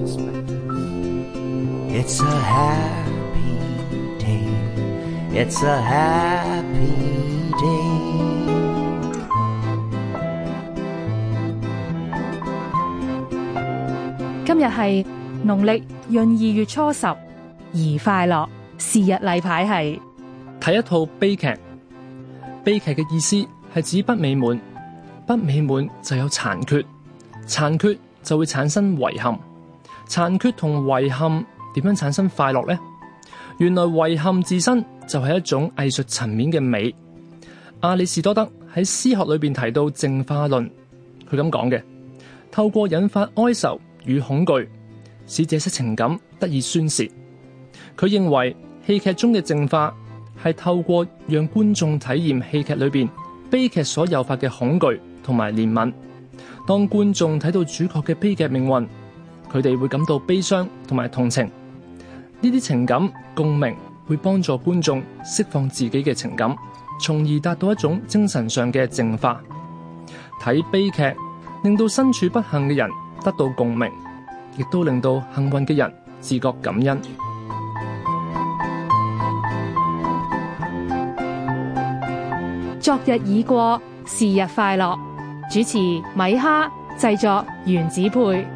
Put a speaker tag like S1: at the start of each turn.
S1: It's a happy day. It's
S2: a happy day。今日係農曆閏二月初十，宜快樂。是日例牌係
S1: 睇一套悲劇。悲劇嘅意思係指不美滿，不美滿就有殘缺，殘缺就會產生遺憾。殘缺同遺憾點樣產生快樂呢？原來遺憾自身就係一種藝術層面嘅美。亞里士多德喺詩學裏邊提到淨化論，佢咁講嘅，透過引發哀愁與恐懼，使這些情感得以宣洩。佢認為戲劇中嘅淨化係透過讓觀眾體驗戲劇裏邊悲劇所誘發嘅恐懼同埋憐憫。當觀眾睇到主角嘅悲劇命運，佢哋會感到悲傷同埋同情，呢啲情感共鳴會幫助觀眾釋放自己嘅情感，從而達到一種精神上嘅淨化。睇悲劇令到身處不幸嘅人得到共鳴，亦都令到幸運嘅人自覺感恩。
S3: 昨日已過，是日快樂。主持米哈，製作原子配。